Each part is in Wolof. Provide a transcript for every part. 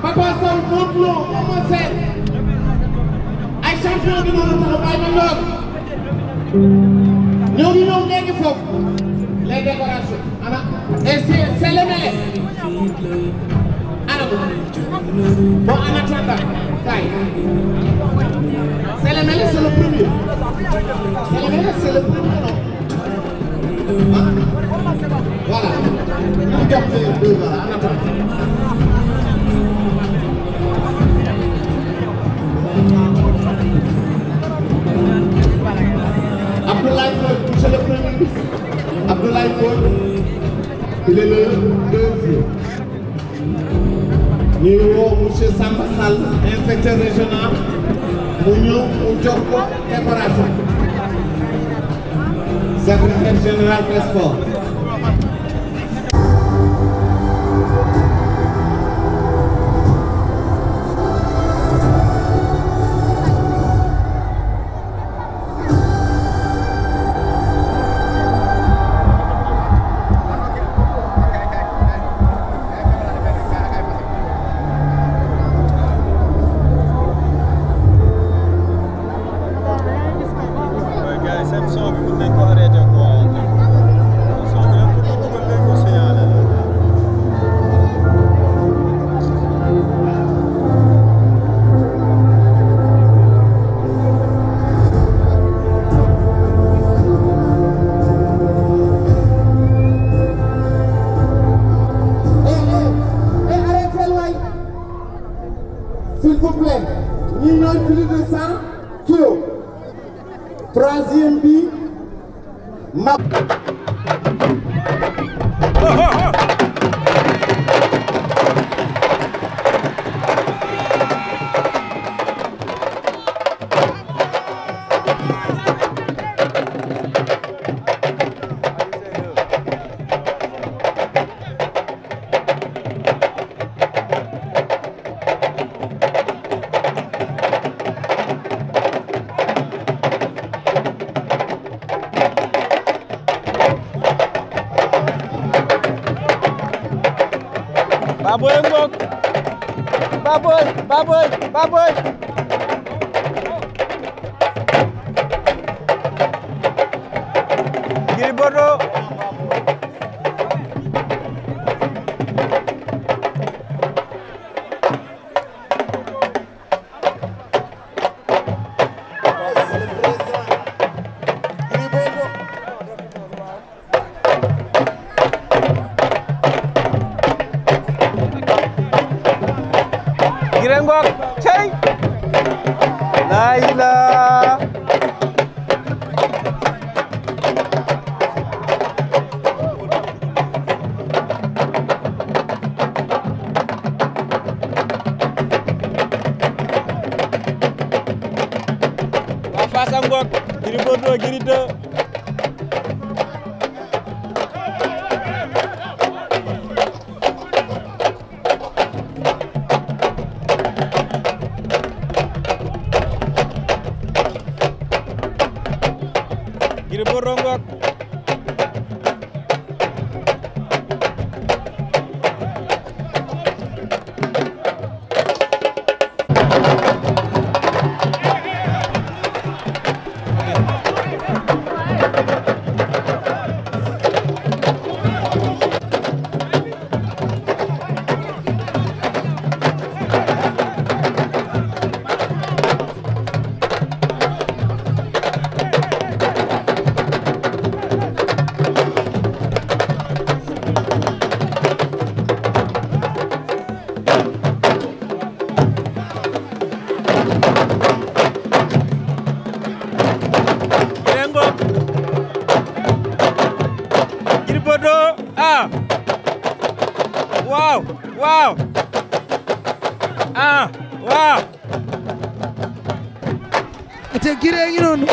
Papa Sow Modou Lo Eumeu Sène ay champion bi noonu taxaw ay mandoor ñoo ngi ñëw léegi foofu les décorations ana et c'est c'est le meilleur ana Bon, en attendant, Kai, c'est le meilleur, c'est le premier. C'est le meilleur, c'est le premier, non hein? Voilà. On garde les deux, voilà, en attendant. Abdoulaye Mbodj, monsieur le premier ministre. Abdoulaye Mbodj, il est le monsieur Samba Sall inspecteur régional mu ñëw mu jox ko décoration secrétaire général des Baboy ngoog Baboy Baboy Baboy Bordeaux Gris 2 Gris Bordeaux ngoog giree ngi noonu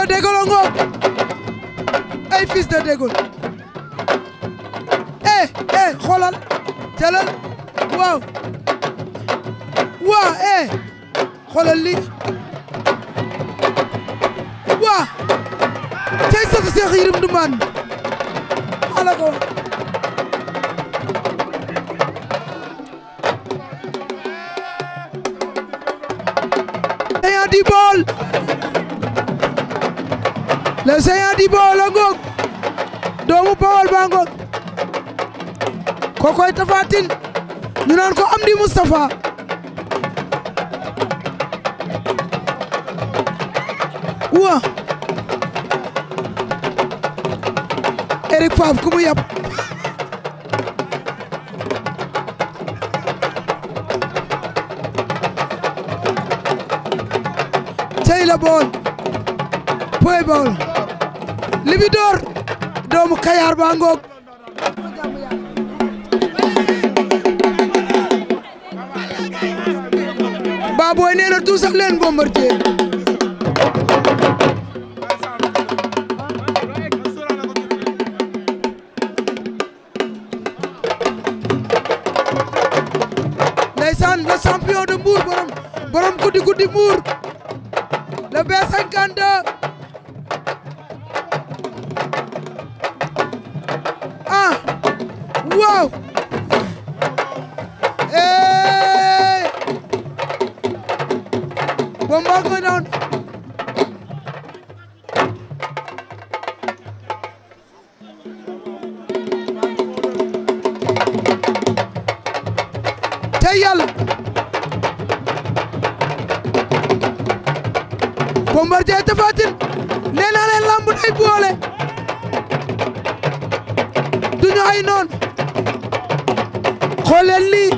de Dégol a ngoog ay fils de Dégol eh eh xoolal jëlal waaw waa eh xoolal lii waa cey satu Seex Yërim Ndumbaan ala ko di bool le géant du a ngoog doomu Baol baa ngoog kokoy Tapha Tine ñu naan ko Amdi Moustapha wa Eric Pape ku mu yab cey la Baol boy Baol Libidor doomu Kayar ba ngoog Baboy nee na tuusax leen Bombardier ndeysaan le champion de Mbour borom borom guddi guddi Mbour le B52 waaw ee bomba ko noon tey yàlla Bombardier Tapha Tine nee naa leen lamb day boole du noon xoolal lii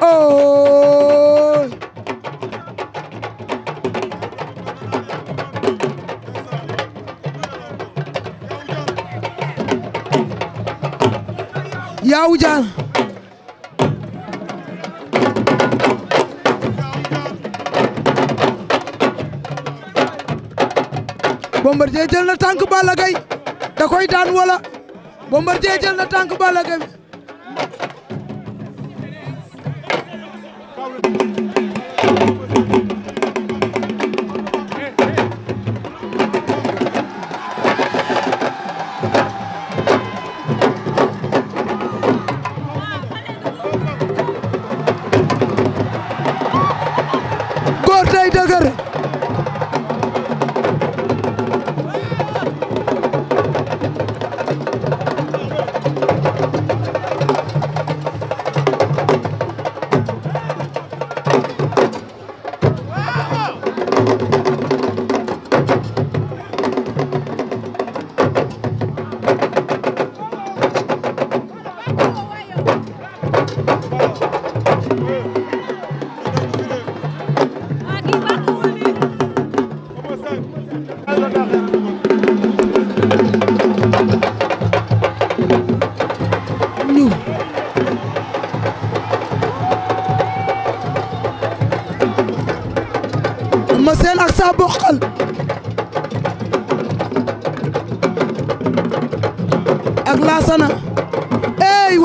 oh Yawou Dial Bombardier jël na tànk Balla Gaye da koy daan wala Bombardier jël na tànk Balla Gaye Thank you.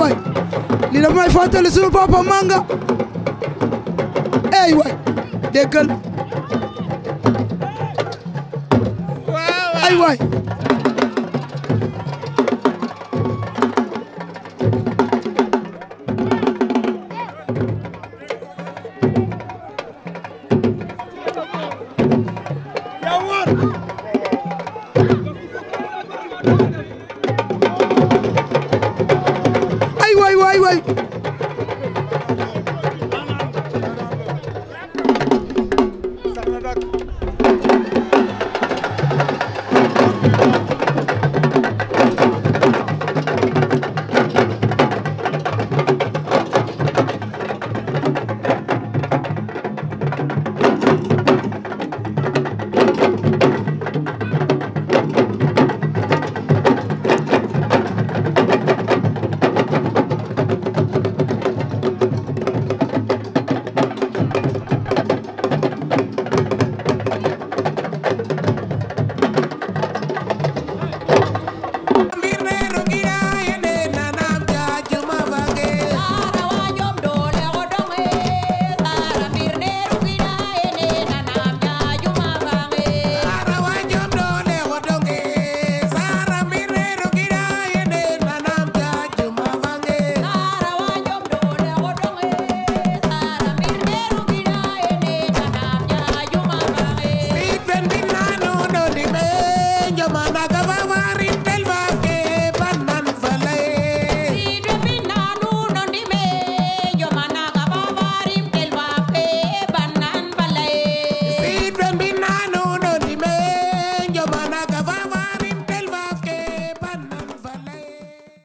waay lii dafa may fàttali sunu papa manga ey waay déggal ay waay